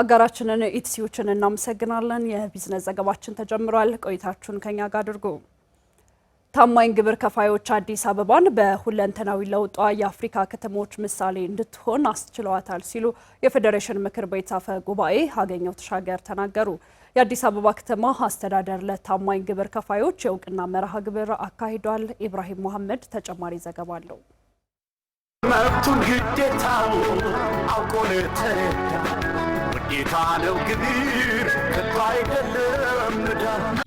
አጋራችንን ኢትሲዎችን እናመሰግናለን። የቢዝነስ ዘገባችን ተጀምሯል። ቆይታችሁን ከኛ ጋር አድርጉ። ታማኝ ግብር ከፋዮች አዲስ አበባን በሁለንተናዊ ለውጧ የአፍሪካ ከተሞች ምሳሌ እንድትሆን አስችለዋታል ሲሉ የፌዴሬሽን ምክር ቤት አፈ ጉባኤ አገኘሁ ተሻገር ተናገሩ። የአዲስ አበባ ከተማ አስተዳደር ለታማኝ ግብር ከፋዮች የእውቅና መርሃ ግብር አካሂዷል። ኢብራሂም መሐመድ ተጨማሪ ዘገባ አለው። መብቱን ግዴታው አውቆ ጌታ ነው ከቶ አይደለም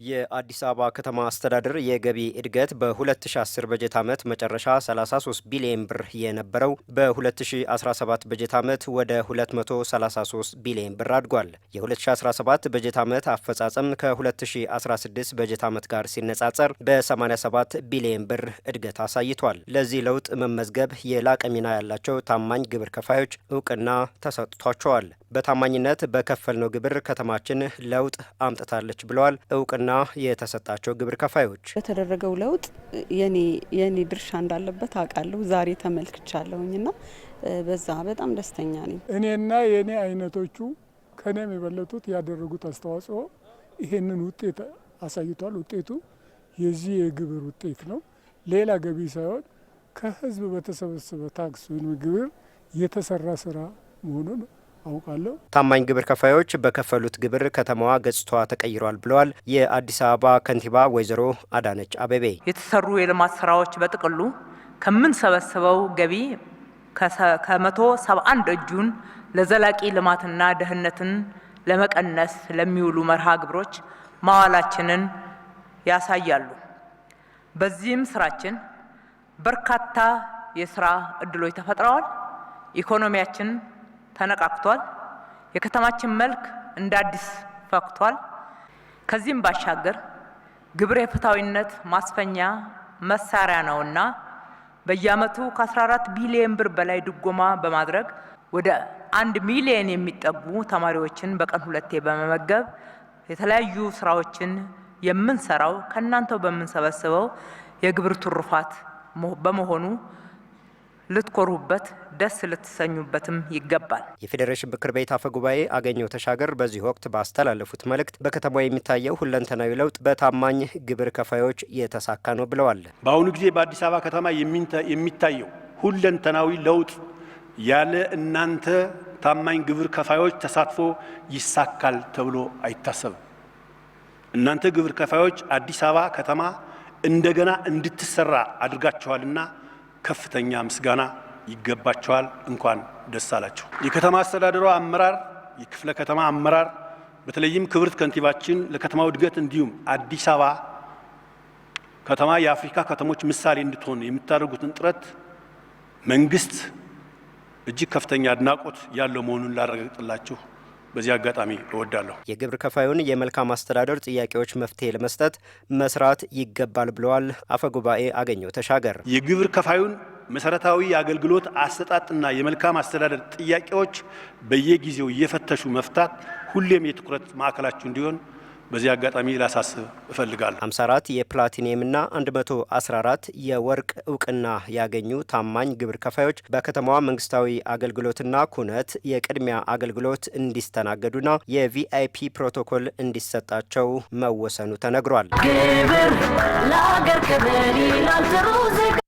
የአዲስ አበባ ከተማ አስተዳደር የገቢ እድገት በ2010 በጀት ዓመት መጨረሻ 33 ቢሊዮን ብር የነበረው በ2017 በጀት ዓመት ወደ 233 ቢሊዮን ብር አድጓል። የ2017 በጀት ዓመት አፈጻጸም ከ2016 በጀት ዓመት ጋር ሲነጻጸር በ87 ቢሊዮን ብር እድገት አሳይቷል። ለዚህ ለውጥ መመዝገብ የላቀ ሚና ያላቸው ታማኝ ግብር ከፋዮች እውቅና ተሰጥቷቸዋል። በታማኝነት በከፈልነው ግብር ከተማችን ለውጥ አምጥታለች ብለዋል። እውቅና የተሰጣቸው ግብር ከፋዮች በተደረገው ለውጥ የኔ ድርሻ እንዳለበት አውቃለሁ። ዛሬ ተመልክቻለሁኝና በዛ በጣም ደስተኛ ነኝ። እኔና የእኔ አይነቶቹ ከኔም የበለጡት ያደረጉት አስተዋጽኦ ይሄንን ውጤት አሳይቷል። ውጤቱ የዚህ የግብር ውጤት ነው። ሌላ ገቢ ሳይሆን ከህዝብ በተሰበሰበ ታክስ ወይም ግብር የተሰራ ስራ መሆኑን አውቃለሁ። ታማኝ ግብር ከፋዮች በከፈሉት ግብር ከተማዋ ገጽቷ ተቀይሯል ብለዋል የአዲስ አበባ ከንቲባ ወይዘሮ አዳነች አቤቤ። የተሰሩ የልማት ስራዎች በጥቅሉ ከምንሰበስበው ገቢ ከመቶ ሰባ አንድ እጁን ለዘላቂ ልማትና ደህንነትን ለመቀነስ ለሚውሉ መርሃ ግብሮች ማዋላችንን ያሳያሉ። በዚህም ስራችን በርካታ የስራ እድሎች ተፈጥረዋል። ኢኮኖሚያችን ተነቃክቷል። የከተማችን መልክ እንደ አዲስ ፈክቷል። ከዚህም ባሻገር ግብር የፍትሐዊነት ማስፈኛ መሳሪያ ነውና በየአመቱ ከ14 ቢሊዮን ብር በላይ ድጎማ በማድረግ ወደ አንድ ሚሊዮን የሚጠጉ ተማሪዎችን በቀን ሁለቴ በመመገብ የተለያዩ ስራዎችን የምንሰራው ከእናንተው በምንሰበስበው የግብር ትሩፋት በመሆኑ ልትኮሩበት ደስ ልትሰኙበትም ይገባል። የፌዴሬሽን ምክር ቤት አፈ ጉባኤ አገኘው ተሻገር በዚህ ወቅት ባስተላለፉት መልእክት በከተማ የሚታየው ሁለንተናዊ ለውጥ በታማኝ ግብር ከፋዮች የተሳካ ነው ብለዋል። በአሁኑ ጊዜ በአዲስ አበባ ከተማ የሚታየው ሁለንተናዊ ለውጥ ያለ እናንተ ታማኝ ግብር ከፋዮች ተሳትፎ ይሳካል ተብሎ አይታሰብም። እናንተ ግብር ከፋዮች አዲስ አበባ ከተማ እንደገና እንድትሰራ አድርጋችኋልና ከፍተኛ ምስጋና ይገባቸዋል። እንኳን ደስ አላቸው። የከተማ አስተዳደሩ አመራር፣ የክፍለ ከተማ አመራር፣ በተለይም ክብርት ከንቲባችን ለከተማው እድገት እንዲሁም አዲስ አበባ ከተማ የአፍሪካ ከተሞች ምሳሌ እንድትሆን የምታደርጉትን ጥረት መንግስት እጅግ ከፍተኛ አድናቆት ያለው መሆኑን ላረጋግጥላችሁ በዚህ አጋጣሚ እወዳለሁ። የግብር ከፋዩን የመልካም አስተዳደር ጥያቄዎች መፍትሄ ለመስጠት መስራት ይገባል ብለዋል አፈ ጉባኤ አገኘው ተሻገር። የግብር ከፋዩን መሰረታዊ የአገልግሎት አሰጣጥና የመልካም አስተዳደር ጥያቄዎች በየጊዜው እየፈተሹ መፍታት ሁሌም የትኩረት ማዕከላችሁ እንዲሆን በዚህ አጋጣሚ ላሳስብ እፈልጋለሁ። 54 የፕላቲኒየምና 114 የወርቅ እውቅና ያገኙ ታማኝ ግብር ከፋዮች በከተማዋ መንግስታዊ አገልግሎትና ኩነት የቅድሚያ አገልግሎት እንዲስተናገዱና የቪአይፒ ፕሮቶኮል እንዲሰጣቸው መወሰኑ ተነግሯል። ግብር ለአገር ክብር ይላል